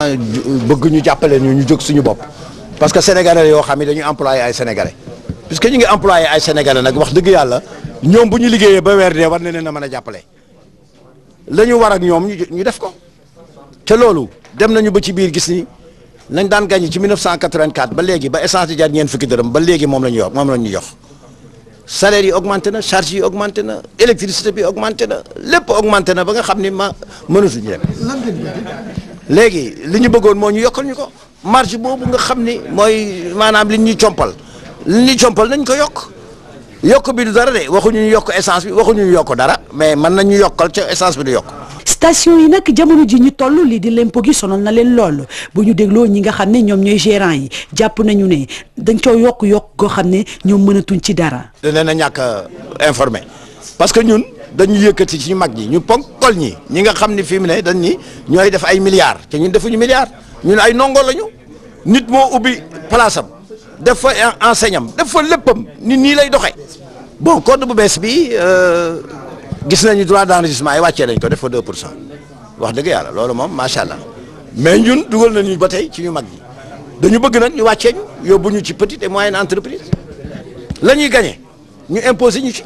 bëgg ñu jàppale ñu ñu jóg suñu bopp parce que sénégalais yoo xam ne dañuy employé ay parce que ñu ngi employé ay sénégalais nag wax dëgg yàlla ñoom bu ñu liggéeyee ba weer dee war na leen a mën a jàppale la ñu war ak ñoom ñu def ko te loolu dem nañu ba ci biir gis ni nañ daan gagné ci 1984 ba léegi ba essence di jar ñeent fukki dërëm ba léegi moom la ñu yor moom la ñu jox salaire yi augmenté na charge yi augmenté na électricité bi augmenté na lépp augmenté na ba nga xam ni ma mënatuñu dem léegi li ñu bëggoon moo ñu yokkal ñu ko marge boobu nga xam ni mooy maanaam li ñuy compal li ñu compal nañ ko yokk yokk bi du dara de waxu ñu yokk essence bi waxuñu ñu yokk dara mais mën nañ ñu yokkal ca essence bi du yokk. station yi nag jamono ji ñu toll lii di lempo gi sonal na leen lool bu ñu dégloo ñi nga xam ne ñoom ñooy gérant yi jàpp nañu ne dañ coo yokk yokk goo xam ne ñoom mënatuñ ci dara. danañ na ñàkk informé parce que ñun. dañu yëkkati ci ñu mag ñi ñu ponkol ñi ñi nga xam ne fi mu ne dañ ni ñooy def ay milliards te ñun defuñu ñu ne ay ndongo lañu nit moo ubbi place def fa enseignant am def fa léppam nit nii lay doxee bon code bu bees bi euh, gis nañu droit d'enregistrement yi wàccee dañ ko def fa 2 pour cent wax dëgg yàlla loolu moom macha allah mais ñun dugal nañu ba tey ci ñu mag ñi dañu bëgg nag ñu wàccee ñu yóbbu ñu ci petite et moyenne entreprise la ñuy gagné ñu imposé ñu ci.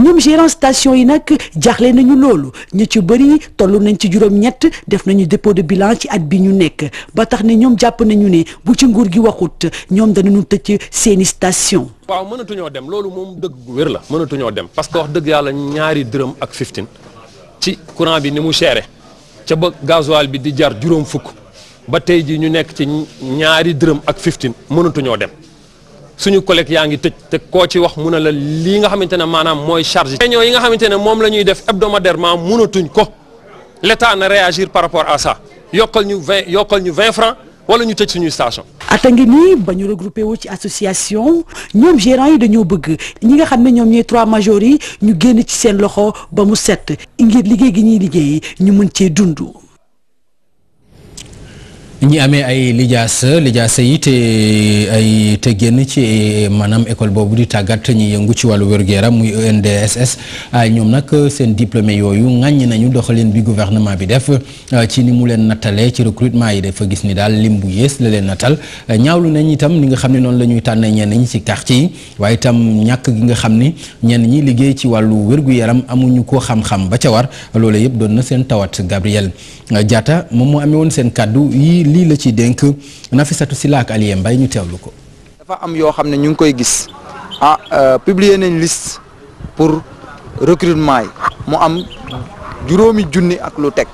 ñoom gérant station yi nag jaxle nañu loolu ñu ci bëri toll nañ ci juróom-ñett def nañu dépôt de bilan ci at bi ñu nekk ba tax ne ñoom jàpp nañu ne bu ci nguur gi waxut ñoom danañu tëj seeni station waaw mënatuñoo dem loolu moom dëgg gu wér la mënatuñoo dem parce que wax dëgg yàlla ñaari dërëm ak 15 ci courant bi ni mu chéré ca ba gasoil bi di jar juróom fukk ba tey ji ñu nekk ci ñaari dërëm ak fiftin mënatuñoo dem suñu collègue yaa ngi tëj te koo ci wax mun a la lii nga xamante ne maanaam mooy charge réunion yi nga xamante ne moom la ñuy def hebdomadairement mënatuñ ko l'état na réagir par rapport à ça yokkal ñu vingt yokkal ñu vingt francs wala ñu tëj suñuy station ata ngi nii ba ñu regroupé wu ci association ñoom gérants yi dañoo bëgg ñi nga xam ne ñoom ñooy trois majors yi ñu génn ci seen loxo ba mu set ngir liggéey gi ñuy liggéey ñu mën cee dund ñi amee ay lijaasa lijaasa yi te ay te génn ci maanaam école boobu di tàggat ñi yëngu ci wàllu wér-gu-yaram muy ENDSS ah, ñoom nag seen diplômé yooyu ŋàññ nañu doxalin bi gouvernement bi def ah, ci ni mu leen nattalee ci recrutement yi dafa gis ni daal lim bu yées la leen natal ñaawlu nañ itam ni nga xam ne noonu la ñuy tànnee ñenn ñi ci quartier yi waaye itam ñàkk gi nga xam ni ñenn ñi liggéey ci wàllu wér-gu-yaram amuñu ko xam-xam ba ca war loolu yëpp doon na seen tawat Gabriel Diatta lii la ci dénk Nafissatou Sylla ak Alié Mbaye ñu lu ko. dafa am yoo xam ne ñu ngi koy gis ah euh, publier nañ liste pour recrutement yi mu am juróomi junni ak lu teg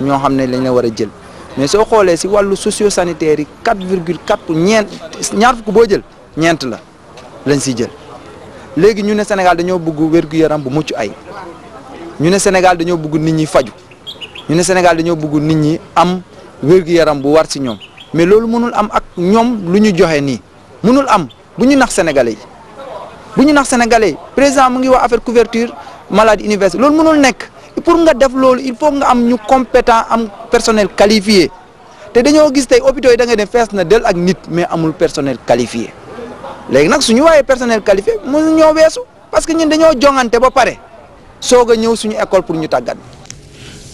ñoo xam ne lañ la war a jël mais soo xoolee si wàllu socio sanitaire yi quatre virgule quatre ñaar fukk boo jël ñeent la lañ si jël léegi ñu ne Sénégal dañoo bëgg wér yaram bu mucc ay ñu ne Sénégal dañoo bëgg nit ñi faju ñu ne Sénégal dañoo bëgg nit ñi am. wér-gu-yaram bu war si ñoom mais loolu mënul am ak ñoom lu ñu joxe nii mënul am bu ñu nax sénégalais bu ñu nax sénégalais yi président mu ngi wax affaire couverture maladie universelle loolu mënul nekk pour nga def loolu il faut nga am ñu compétent am personel qualifié te dañoo gis tey hôpitaux yi da ngay ne fees na del ak nit mais amul personnel qualifié léegi nag su ñu waayee personnel qualifié mu ñoo weesu parce que ñun dañoo jongante ba pare soo a ñëw suñu école pour ñu tàggat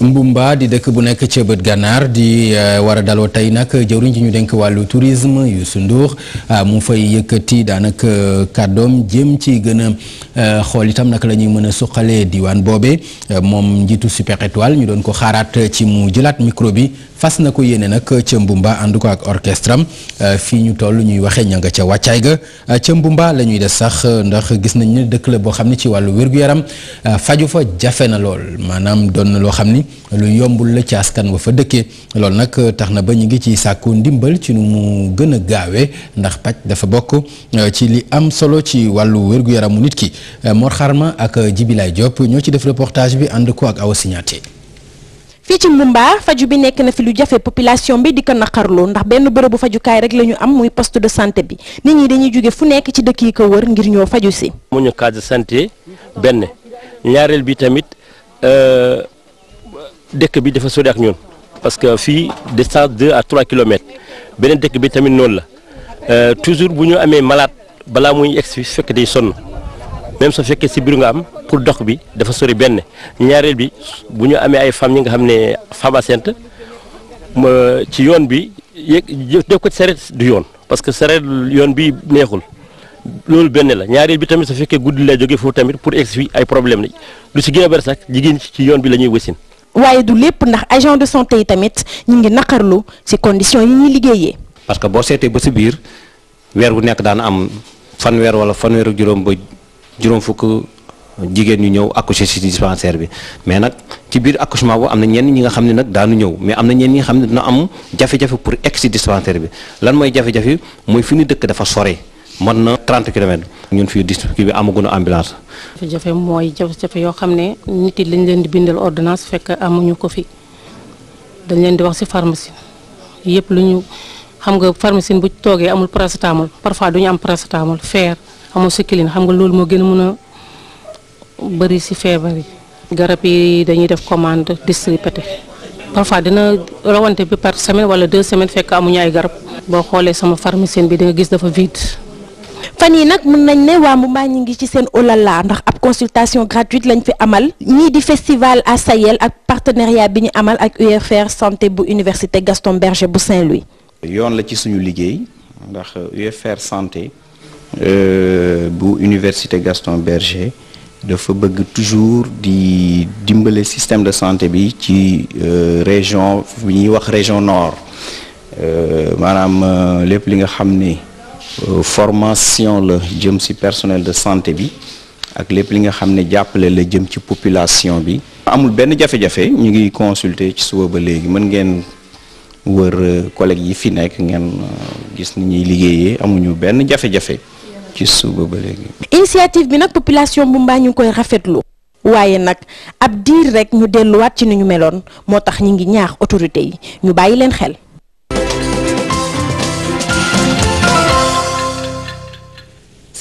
Mbumba di dëkk bu nekk ca bët gànnaar di eh, war a daloo tey nag jëwriñ ci ñu dénk wàllu tourisme Youssou Ndour ah, mu fay yëkkati daanaka eh, kàddoom jëm ci gën a eh, xool itam nak la ñuy mën a suqalee diwaan boobe moom njiitu Super Étoile ñu doon ko xaaraat ci mu jëlaat micro bi fas na ko yéene nag ca Mbumba ànd ko ak orchestre am fii ñu toll ñuy waxee ña nga ca wàccaay ga ca Mbumba la ñuy des sax ndax gis nañ ne dëkk la boo xam ne ci wàllu wér-gu-yaram faju fa jafe lool maanaam lu yombul la ci askan wa fa dëkkee loolu nag euh, tax na ba ñu ngi ci sàkku ndimbal ci nu mu gën a gaawee ndax paj dafa bokk euh, ci li am solo ci wàllu wér-gu-yaramu nit ki euh, Mor ma ak Jibilaay Diop ñoo ci def reportage bi ànd ko ak Awa Signaté fii ci Mbumba faju bi nekk na fi lu jafe population bi di ko xarloo ndax benn bërëbu fajukaay rek la ñu am muy poste de santé bi nit ñi dañuy jóge fu nekk ci dëkk yi ko wër ngir ñoo faju si. amuñu case de santé benn ñaareel bi tamit. dëkk bi dafa sori ak ñun parce que fii distance deux à trois kilomètres beneen dëkk bi tamit noonu la euh, toujours bu ñu amee malaat balaa muy egg si fekk day sonn même su fekkee si biir nga am pour dox bi dafa sori benn ñaareel bi bu ñu amee ay femmes yi nga xam ne femme enceinte ci yoon bi yéeg def ko sareet du yoon parce que sareet yoon bi neexul loolu benn la ñaareel bi tamit su fekkee guddi lay jógee foofu tamit pour egg si ay problème la lu si gën a bëri sax jigéen ci yoon bi la ñuy wëssin waaye du lépp ndax agent de santé yi tamit ñu ngi naqarlu ci condition yi ñuy liggéeyee. parce que boo seetee ba ci biir weer bu nekk daana am fanweer wala fanweer ak juróom ba fukk jigéen ñu ñëw accoucher ci dispensaire bi mais nag ci biir accouchement bu am na ñenn ñi nga xam ne nag daanu ñëw mais am na ñeen ñi nga xam ne dina am jafe-jafe pour egg ci dispensaire bi lan mooy jafe-jafe mooy fi ñu dëkk dafa sore mën na 30 kilomètres. ñun fii district bi amaguñu ambulance. jafe-jafe mooy jafe-jafe yoo xam ne nit yi lañ leen di bindal ordonnance fekk amuñu ko fi dañ leen di wax ci pharmacie yëpp lu ñu xam nga pharmacie bu toogee amul paracetamol parfois duñu am paracetamol fer amul cycline xam nga loolu moo gën a mën a bëri ci feebar yi. garab yi dañuy def commande distribué parfois dina rawante bi par semaine wala deux semaines fekk amuñu ay garab boo xoolee sama pharmacien bi da gis dafa vide. fan yi nag mun nañ ne waa Mumba ñi ngi ci seen olala ndax ab consultation gratuite lañ fi amal ñii di festival à Sayel ak partenariat bi ñu amal ak UFR santé bu université Gaston Berger bu Saint-Louis. yoon la ci suñu liggéey ndax UFR santé euh, bu université Gaston Berger dafa bëgg toujours di dimbale système de santé bi ci euh, région bi ñuy wax région nord euh, maanaam lépp li nga xam ni. Euh, formation la jëm ci personnel de santé bi ak lépp li nga xam ne jàppale la jëm ci population bi. amul benn jafe-jafe ñu ngi consulter ci suba ba léegi mën ngeen wër euh, collègues yi fi nekk ngeen euh, gis ni ñuy liggéeyee amuñu benn jafe-jafe ci suba ba léegi. initiative bi nag population bu mbaa ñu ngi koy rafetlu. waaye nag ab diir rekk ñu delluwaat ci ni ñu meloon moo tax ñu ngi ñaax autorité yi ñu bàyyi leen xel.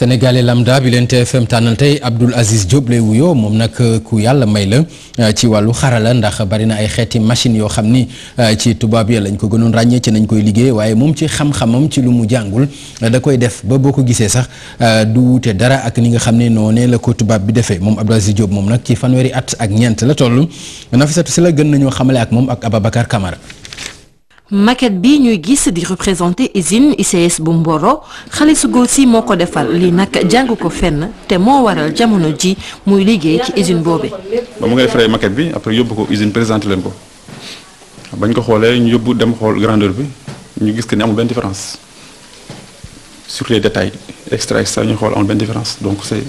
sénégalais lambda bi leen TFM tànnal tey Abdoul Aziz job lay wuyoo moom nag euh, ku yàlla may la euh, ci wàllu xarala ndax bari na ay xeeti machine yoo xam ni euh, ci tubaab ya lañ ko gënoon ràññee ci nañ koy liggéey waaye moom ci xam-xamam ci lu mu jàngul da koy def ba boo ko gisee sax du wute dara ak ni nga xam ne noonee la ko tubaab bi defee moom Abdoul Aziz Diop moom nag ci fanweeri at ak ñeent la toll si la gën nañoo xamale ak moom ak Ababacar Camara maquette bi ñuy gis di représenté usine ICS bu Mboro xale su góor si moo ko defal lii nag jàng ko fenn te moo waral jamono ji muy liggéey ci usine boobe ba mu nga defaree maquette bi après yóbbu ko usine présenté leen ko bañ ko xoolee ñu yóbbu dem xool grandeur bi ñu gis que ni amul benn différence sur les détails extra extra ñuy xool amul benn différence donc c'est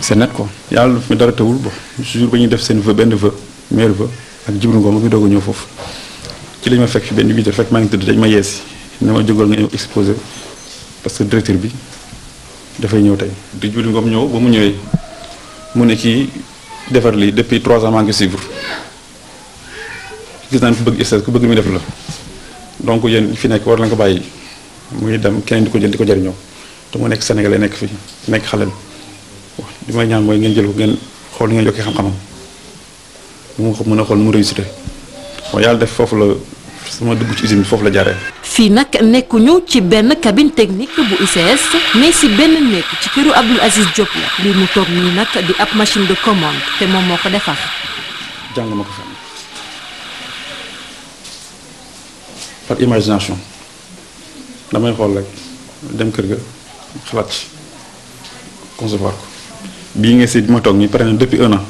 c'est net quoi yàlla mi dara tawul bo jour ba ñuy def seen benn vœu meilleur vœu ak Djibril Ngom mi doog ñëw foofu ci lañ ma fekk fi benn huit heures fekk maa ngi tëdd dañ ma yeesi ne ma jógal nga ñëw exposé parce que directure bi dafay ñëw tey di jublu ngoom ñëw ba mu ñëwee mu ne kii defar lii depuis trois ans maa ngi suivre gis naan ku bëgg stage ku bëgg mi def la donc yéen fi nekk war na ko bàyyi muy dem keneen di ko jël di ko jariñoo te mu nekk sénégalais nekk fi nekk xaleel wax li may ñaan mooy ngeen jël ko ngeen xool ngeen yokkee xam-xamam mu mën a xool mu réussite bon yàlla def foofu la sama dugg ci usine bi foofu la jaree. fii nag nekkuñu ci benn cabine technique bu ICS mais si benn nekk ci këru Abdoul Aziz Diop la lii mu toog nii nag di ab machine de commande te moom moo ko defar. jàng ma ko fenn damay xool rek dem kër ga xalaat ci bii nga si bi toog nii pare na depuis un an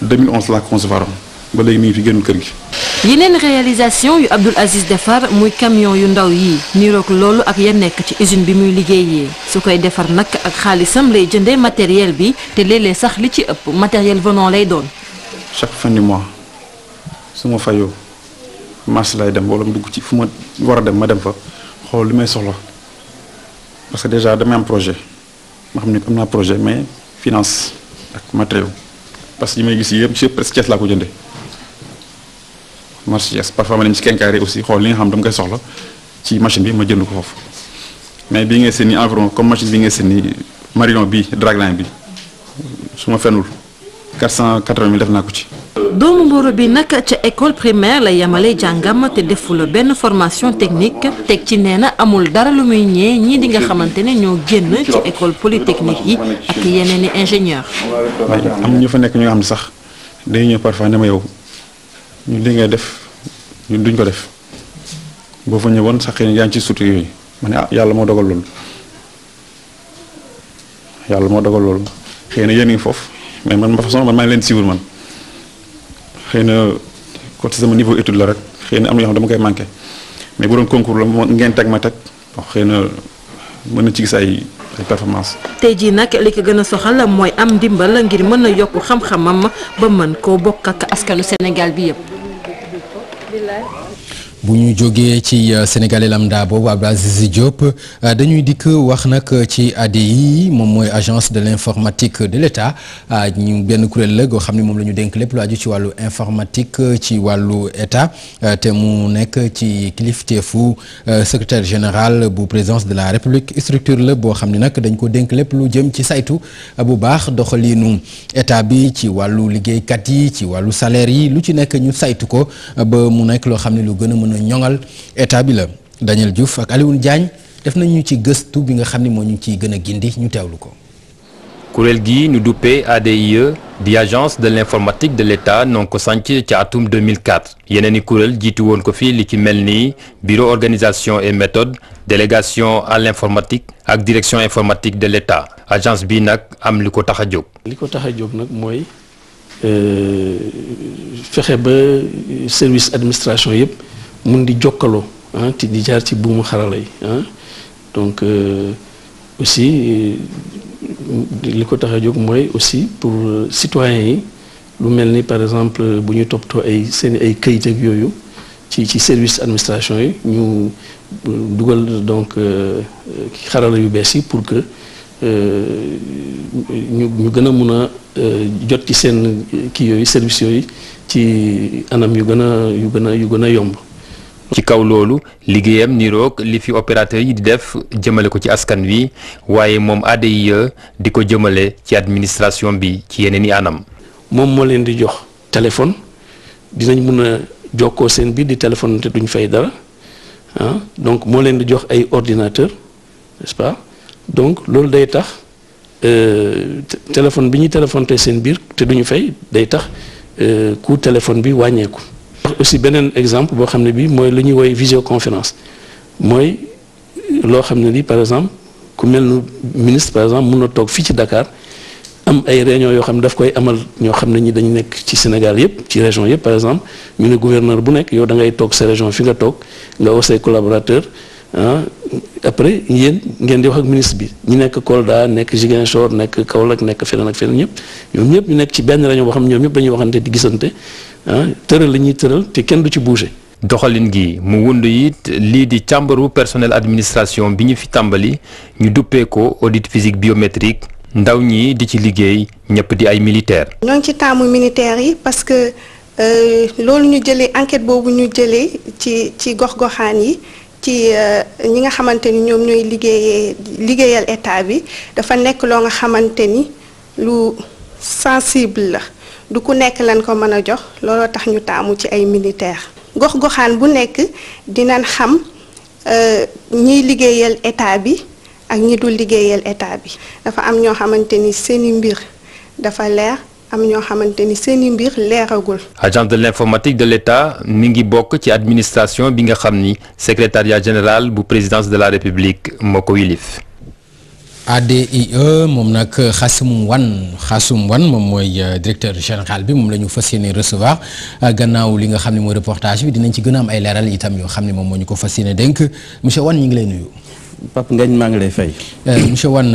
2011 laa concevoir ba léegi mi fi génn kër gi. yeneen réalisation yu Abdoul Aziz defar muy camion yu ndaw yii niroog loolu ak ya nekk ci usine bi muy liggéeyee su koy defar nag ak xaalisam lay jëndee matériel bi te léeg sax li ci ëpp matériel venant lay doon. chaque fin du mois su ma fayoo marché lay dem wala mu dugg ci fu ma war a dem ma dem fa xool li may soxla parce que déjà damay am projet ma xam ne am naa projet mais finance ak matériaux parce que li may gis yëpp ci presque Thiès laa ko jëndee. marchandise parfois ma dem ci kenkaari aussi xool li nga xam dama koy soxla ci machine bi ma jënd ko foofu mais bii ngay seen ni environ comme machine bi ngay seen ni marion bi dragline bi su ma fenul 480 000 def naa ko ci. doomu Mboro bi nag ca école primaire la yamale jàngam te defula benn formation technique teg ci nee na amul dara lu muy ñee ñii di nga xamante ne ñoo génn ci école polytechnique yi ak yeneen i ingénieur. am ñu fa nekk ñu xam ne sax day ñëw parfois ma yow. ñu li ngay def ñun duñ ko def boo fa ñëwoon sax xëy na yaa ci sutu yooyu ma ne ah yàlla moo dogal loolu yàlla moo dogal loolu xëy na yéen ngi foofu mais man ma façon man maa ngi leen siiwul man xëy na côté sama niveau étude la rek xëy na am na yoo xam dama koy manqué mais bu doon concours la ma teg xëy na mën na ci gis ay ay performance tey jii nag li ko gën a soxal mooy am ndimbal ngir mën a yokk xam-xamam ba mën koo bokk ak askanu Sénégal bi yëpp. billaay bu ñu jógee ci euh, sénégalais lambda boobu Abdou Aziz Diop euh, dañuy dikk wax nag ci ADI moom mooy agence de l'informatique de l'État euh, ñu benn kuréel la goo xam ne moom la ñu dénk lépp lu aju ci wàllu informatique ci wàllu état te mu nekk ci kilifteefu secrétaire général bu présidence de la république structure la boo xam ni nag dañ ko dénk lépp lu jëm ci saytu bu baax doxaliinu état bi ci wàllu liggéeykat yi ci wàllu salaire yi lu ci nekk ñu saytu ko ba loo xam ne lu ñoŋal état bi la Daniel Diouf ak Alioune Diagne def nañu ci gëstu bi nga xam ne moo ñu ciy gën a gindi ñu teewlu ko. kuréel gi ñu duppee ADIE di agence de l'informatique de l'État non ko sanc ci atum 2004 yeneen i kuréel jiitu woon ko fii li ci mel ni bureau organisation et méthode délégation à l'informatique ak direction informatique de l'État agence bi nag am li ko tax a jóg. li ko tax a jóg nag mooy euh, fexe ba service administration yépp mun di jokkaloo ah di jaar ci buumu xarala yi ah donc euh, aussi euh, li ko tax a jóg mooy aussi pour euh, citoyens yi lu mel ni par exemple bu ñu topp toppatoo ay seeni ay këyit yooyu ci ci service administration yi ñu dugal donc xarala yu bees yi pour que ñu ñu gën a mun a jot ci seen kii yooyu service yooyu ci anam yu gën a yu gën a yu gën a yomb. ci kaw loolu liggéeyam niroog li fi opérateur yi di def jëmale ko ci askan wi waaye moom ADIE di ko jëmale ci administration bi ci yeneen i anam. moom moo leen di jox téléphone dinañ mën a jokkoo seen biir di téléphone te duñu fay dara ah donc moo leen di jox ay ordinateur nest donc loolu day tax euh, téléphone bi ñuy téléphonte seen biir te duñu fay day tax ku euh, téléphone bi wàññeeku. aussi beneen exemple boo xam ne bii mooy lu ñuy woy visioconférence mooy loo xam ne lii par exemple ku mel nu ministre par exemple mun na toog fii ci dakaar am ay réunion yoo xam ne daf koy amal ñoo xam ne ñi dañu nekk ci Sénégal yëpp ci région yëpp par exemple ñu ne gouverneur bu nekk yow da ngay toog sa région fi nga toog nga woo say collaborateurs ah après yéen ngeen di wax ak ministre bi ñu nekk Kolda nekk Ziguinchor nekk Kaolack nekk feneen ak feneen ñëpp ñoom ñëpp ñu nekk ci benn réunion boo xam ne ñoom ñëpp dañuy waxante di gisante ah tëral la ñuy tëral te kenn du ci bougé. doxalin gi mu wund yi lii di càmbaru personnel administration bi ñu fi tàmbali ñu duppee ko audit physique biométrique ndaw ñi di ci liggéey ñëpp di ay militaire ñoo ngi ci taamu militaire yi parce que euh, loolu ñu jëlee enquête boobu ñu jëlee ci ci gox-goxaan yi. ci euh, ñi nga xamante ni ñoom ñooy liggéeyee liggéeyal état bi dafa nekk loo nga xamante ni lu sensible la du ku nekk lan ko mën a jox looloo tax ñu taamu ci ay militaire gox-goxaan bu nekk dinañ xam euh, ñiy liggéeyal état bi ak ñi dul liggéeyal état bi dafa am ñoo xamante ni seeni mbir dafa leer am ñoo xamante ni seen i mbir leeragul. agence de l'informatique de l'État mi ngi bokk ci administration bi nga xam ni secrétariat général bu présidence de la république moo ko yilif. ADIE moom nag Xasum Wan Xasum Wan moom mooy euh, directeur général bi moom la ñu fas yéene recevoir euh, gannaaw li nga xam ne mooy reportage bi dinañ ci gën a am ay leeral itam yoo xam ne moom moo ñu ko fas yéene dénk monsieur Wan ñu ngi lay nuyu. Pape Ngagne maa ngi lay fay. Euh, monsieur Wan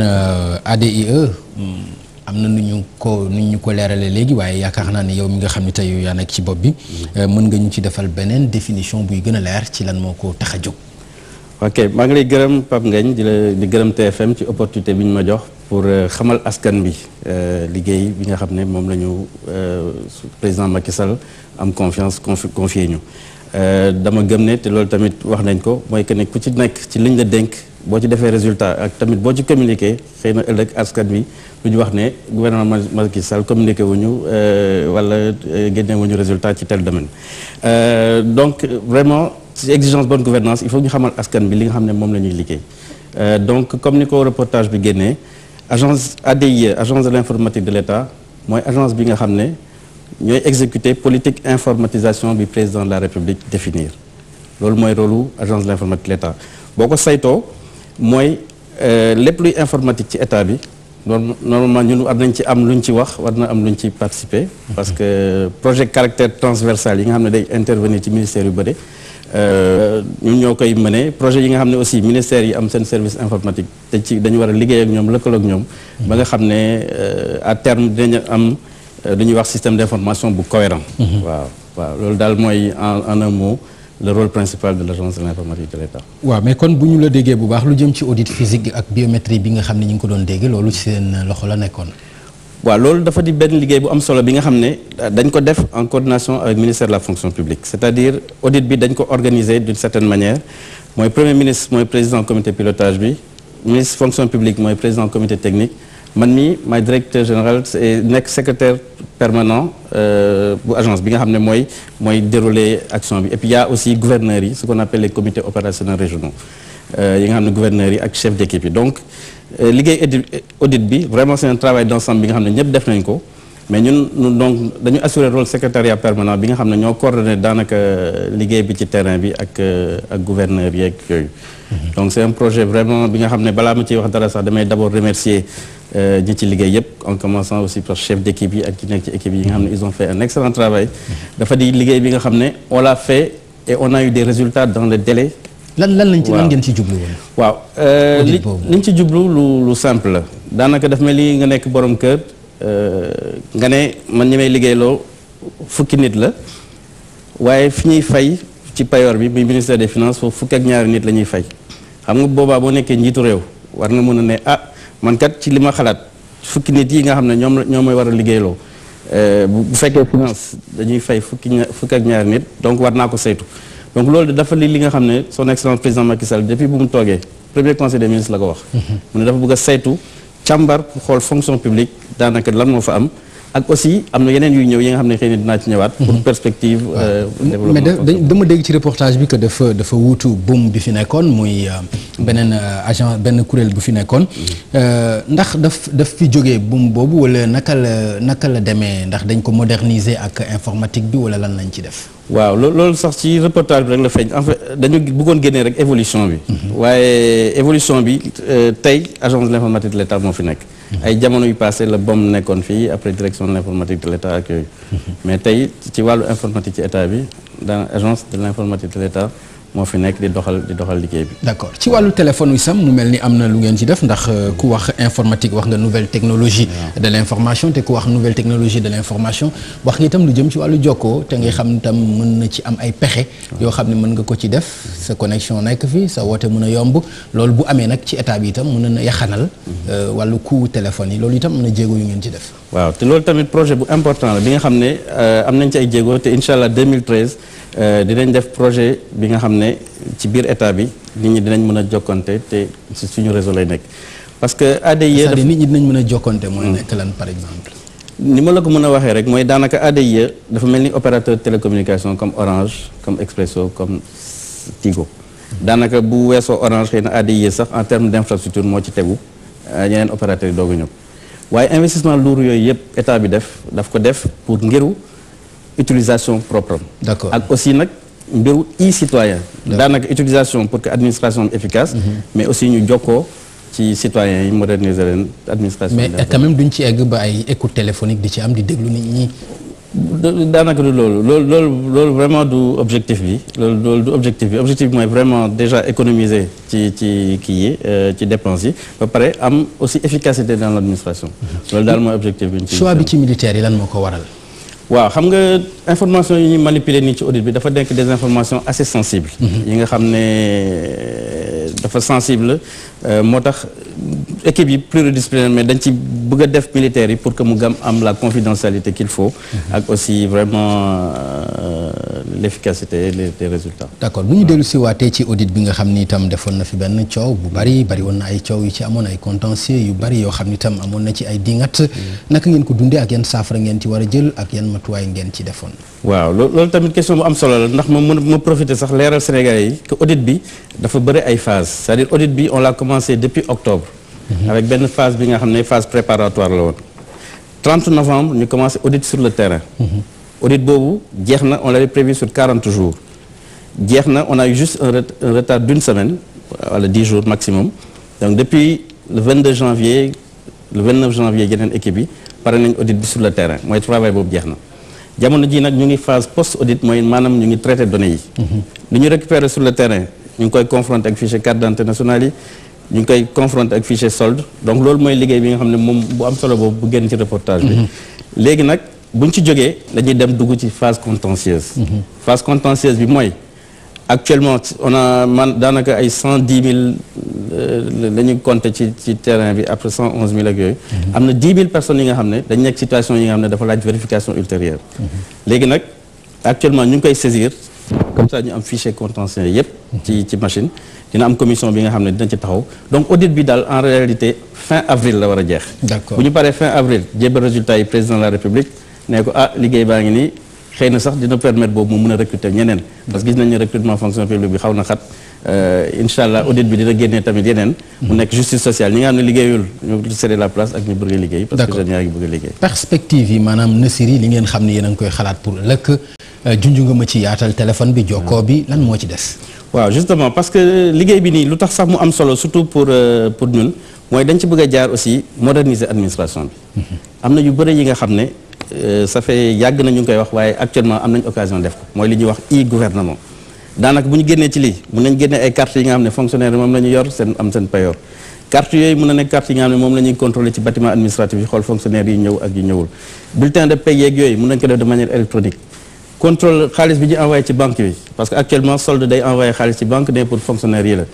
am na nu ñu ko nu ñu ko leeralee léegi waaye yaakaar naa ni yow mi nga xam ne tey yaa nekk ci bopp bi mm-hmm. euh, mën nga ñu ci defal beneen définition buy gën a leer ci lan moo ko tax a jóg. ok maa ngi lay gërëm Pape Ngagne di la di gërëm TFM ci opportunité bi ñu ma jox pour euh, xamal askan bi euh, liggéey bi nga xam ne moom la ñu président Macky Sall am confiance confié ñu dama gëm ne te loolu tamit wax nañ ko mooy que ne ku ci nekk ci lañ la dénk. boo ci defee résultat ak tamit boo ci communiqué xëy na ëllëg askan bi lu ñu wax ne gouvernement Macky Sall communiqué wu ñu euh, wala euh, génne wu ñu résultat ci tel domaine euh, donc vraiment ci exigence bonne gouvernance il faut ñu xamal askan bi li nga xam ne moom la ñuy liggéey donc comme ni ko reportage bi génnee agence ADIE agence de l'informatique de l'État mooy agence bi nga xam ne ñooy exécuter politique informatisation bi président de la République définir loolu mooy rôlu agence de l'informatique de boo ko saytoo mooy euh, lépp luy informatique ci état bi normalement ñun war nañ ci am lu ñu ci wax war na am lu ñu ci participer mhm. parce que projet caractère transversal yi nga xam ne day intervenir ci ministère yu bëri euh, ñun ñoo koy mëne projet yi nga xam ne aussi ministère yi am seen service informatique te ci dañu war a liggéey ak ñoom lëkkaloog ñoom ba nga xam ne euh, à terme dinañu am lu ñuy wax système d'information bu cohérent mhm. waaw waaw loolu daal mooy en en un mot le rôle principal de l'agence de l'informatique de l'État. waaw mais kon bu ñu la déggee bu baax lu jëm ci audit physique ak biométrie bi nga xam ne ñu ngi ko doon dégg loolu ci seen loxo la nekkoon. waaw loolu dafa di benn liggéey bu am solo bi nga xam ne dañ ko def en coordination avec ministère de la fonction publique c'est-à-dire audit bi dañ ko organiser d'une certaine manière mooy premier ministre mooy président comité pilotage bi ministre fonction mooy président comité technique. man mi maay directeur général et nekk secrétaire permanent euh, bu agence bi nga xam ne mooy mooy dérouler action bi et puis y a aussi gouverneurs yi ce qu'on appelle les comités opérationnels régionaux euh, yi nga xam ne gouverneurs yi ak chef d'équipe yi donc euh, liggéey audit bi vraiment c'est un travail d'ensemble bi nga xam ne ñëpp def nañ ko mais ñun donc dañu assurer rôle secrétariat permanent bi nga xam ne ñoo coordonné daanaka euh, liggéey bi ci terrain bi ak euh, ak gouverneur yeeg yooyu. Mhm. donc c'est un projet vraiment bi nga xam ne balaa ma ciy wax dara sax damay d'abord remercier euh, ñi ci liggéey yëpp en commençant aussi par chef d'équipe yi ak ci nekk ci équipe yi nga xam ne ils ont fait un excellent travail. Mhm. dafa di liggéey bi nga xam ne on l'a fait et on a eu des résultats dans le délai. lan lan lañ ci lan ngeen ci jublu woon. waaw li liñ ci jublu lu lu simple la daanaka daf mel ni nga nekk borom kër. nga ne man ñi may liggéeyloo fukki nit la waaye fi ñuy fay ci payoor bi muy ministère des finance foofu fukki ak ñaari nit la ñuy fay xam nga boobaa boo nekkee njiitu réew war nga mën a ne ah man kat ci li ma xalaat fukki nit yi nga xam ne ñoom ñoom may war a liggéeyloo eh, bu fekkee finance dañuy fay fukki ña ak ñaari nit donc war naa ko saytu donc loolu dafa li li nga xam ne son excellence président Macky Sall depuis bu mu toogee premier conseil des la ko wax. Mm-hmm. càmbar pour xool fonction publique daanaka lan moo fa am ak aussi am na yeneen yuy ñëw yi nga xam ne xëy na dinaa ci ñëwaat. pour mhm. perspective. Euh, mais dama dégg ci reportage bi ko dafa dafa wutu boom bi fi nekkoon muy euh, beneen euh, agent benn kuréel bu fi nekkoon mhm. ndax daf daf fi jóge boom boobu wala naka la naka la demee ndax dañ ko moderniser ak informatique bi wala lan lañ ci def. waaw loolu sax ci reportage bi rek la feeñ en fait dañu buggoon génnee rek évolution bi. Mhm. waaye évolution bi tey agence de l'informatique de l'État moo fi nekk. ay jamono yu passé la BOM nekkoon fii après direction de l' informatique de l' état ak yooyu mais tey ci wàllu informatique ci état bi dans agence de l' informatique de l' moo fi nekk di doxal di doxal liggéey bi. d'accord ci wàllu téléphone wi sam mu mel ni am na lu ngeen ci def ndax euh, ku wax informatique wax nga nouvelle technologie. de l'information te ku wax nouvelle technologie de l'information wax nga itam lu jëm ci wàllu jokkoo te ngay xam itam mën na ci am ay pexe. yoo xam ne mën nga ko ci def sa connexion nekk fi sa woote mën a yomb loolu bu amee nag ci état bi itam mën na yaxanal. Euh, wàllu coût téléphone yi loolu itam am na jéego yu ngeen ci def. waaw te loolu tamit important bi nga xam ne euh, am nañ ci ay jéego te incha allah Euh, dinañ def projet bi nga xam ne ci biir état bi nit ñi dinañ mën a jokkonte te suñu réseau lay nekk parce que ADIE cest à nit ñi dinañ mën a jokkonte mooy hmm. nekk lan par exemple ni ma la ko mën a waxee rek mooy daanaka ADIE dafa mel ni opérateur télécommunication comme Orange comme Expresso comme Tigo daanaka bu weesoo Orange xëy na ADIE sax en terme d' infrastructure moo ci tegu ñeneen euh, opérateurs yi doog a ñëw waaye investissement lourd yooyu yëpp état bi def daf ko def pour ngiru utilisation propre d'accord ak aussi nag mbiru e-citoyen daanaka utilisation pour que administration efficace mhm. mais aussi ñu jokkoo ci citoyens yi moderniser leen administration mais quand même duñ ci egg ba ay écoute di ci am di déglu nit ñi daanaka du loolu loolu loolu vraiment du objectif bi loolu loolu du objectif bi objectif bi mooy vraiment déjà économiser ci ci kii yi euh, ci dépenses yi ba pare am aussi efficacité dans l'administration mhm. loolu daal mooy objectif bi choix bi ci militaire yi lan moo ko waral waaw xam nga information yi ñuy manipuler nii ci audit bi dafa denk des informations assez sensibles mhm. yi nga xam ne euh, dafa sensible euh, moo tax équipe yi pluridisciplinaire mais dañ ci bëgg a def militaires yi pour que mu gam am la confidentialité qu'il faut mhm. ak aussi vraiment euh, l'efficacité des résultats d'accord bu ñu dellu si waatee ci audit bi nga xam ni itam defoon na fi benn coow bu bari bari woon na ay coow yu ci amoon ay contentieux yu bari yoo xam ni itam amoon na ci ay dingat mm. naka ngeen ko dundee ak yan saafara ngeen ci war a jël ak yan matuwaay ngeen ci defoon waaw loolu tamit question bu am solo la ndax ma mën ma profiter sax leeral Sénégalais yi que audit bi dafa bëri ay phase cest dire audit bi on l'a commencé depuis octobre mhm. avec benn phase bi nga xam ne phase préparatoire la woon 30 novembre ñu commencé audit sur le terrain mhm. audit boobu jeex na on l'avait prévu sur 40 jours na on a eu juste un retard d'une semaine wala 10 jours maximum donc depuis le 22 janvier le 29 janvier yeneen équipe yi pare nañ audit bi sur le terrain mooy travail boobu jeex na jamono ji nag ñu ngi phase post audit mooy maanaam ñu ngi traité données yi mhm. lu ñu récupéré sur le terrain ñu ngi koy confronté ak fichier carte d'identité nationale yi ñu ngi koy confronté ak fichier solde donc loolu mooy liggéey bi nga xam ne moom bu am solo boobu bu génn ci reportage bi mhm. léegi nag buñ ci jógee dañuy dem dugg ci phase contentieuse mhm. phase contentieuse bi mooy actuellement on a man daanaka ay cent dix mille euh, la ñu ci ci terrain bi après cent onze mille ak yooyu. Mhm. am na dix mille personnes yi nga xam ne dañ nekk situation yi nga xam ne dafa laaj vérification ultérieure. Mhm. léegi nag actuellement ñu ngi koy saisir mhm. comme ça ñu am fichier contentieux yëpp. ci ci machine dina am commission bi nga xam ne dina ci taxaw donc audit bi daal en réalité fin avril la war a jeex. bu ñu paree fin avril jébbal résultat yi président la république nee ko ah liggéey baa ngi nii. xëy na sax dina permettre boobu mu mën a recruter ñeneen parce que gis nañu recrutement fonction publique bi xaw na xat euh, incha allah audit bi dina génnee tamit yeneen mu nekk justice sociale ñi nga xam ne liggéeyul ñu cédé la place ak ñu bëgg a liggéey parce que jeunes yaa ngi bëgg a liggéey perspective yi maanaam Nassiri li ngeen xam ne yéen koy xalaat pour lëkk euh, junj nga ma ci yaatal téléphone bi jokkoo bi lan moo ci des waaw justement parce que liggéey bi nii lu tax sax mu am solo surtout pour euh, mooy dañ ci a jaar aussi moderniser administration bi mhm. am na yu bëri nga xam ne Euh, ça fait yàgg na ngi koy wax waaye actuellement am nañ occasion def ko mooy li ñuy wax e-gouvernement daanaka bu ñu génnee ci lii mun nañ génnee ay carte yi nga xam ne fonctionnaire moom la ñu yor seen am seen payoor carte yooyu mun na nekk carte yi nga xam ne moom la ñuy contrôler ci bâtiment administratif yi xool fonctionnaire yi ñëw ak yu ñëwul bulletin de paie yeeg yooyu mun nañ ko def de manière électronique contrôle xaalis bi ñu envoyé ci que actuellement solde day envoyé xaalis ci banque ne pour fonctionnaire yi la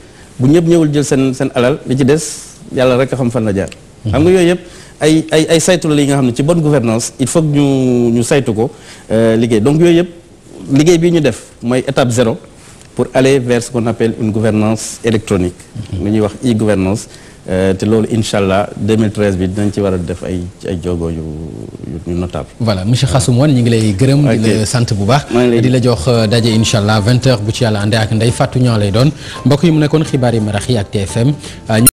bu ñëpp ñëwul jël seen a xam xam nga yooyu yëpp ay ay ay saytu la yi nga xam ne ci bonne gouvernance il faut ñu ñu saytu ko euh, liggéey donc yooyu yëpp liggéey bi ñu def mooy étape zéro pour aller vers ce qu'on une gouvernance électronique mm-hmm. lu ñuy wax e-gouvernance euh, te loolu incha allah bi dinañ ci war def ay ay jogo yu yu notable. voilà monsieur Khassoum Wane ñu ngi lay gërëm. di sant bu baax. di la jox euh, daje incha allah 20 bu ci yàlla àndee ak Ndeye Fatou ñoo lay doon mbokk yi mu nekkoon xibaar yi marax yi ak TFM.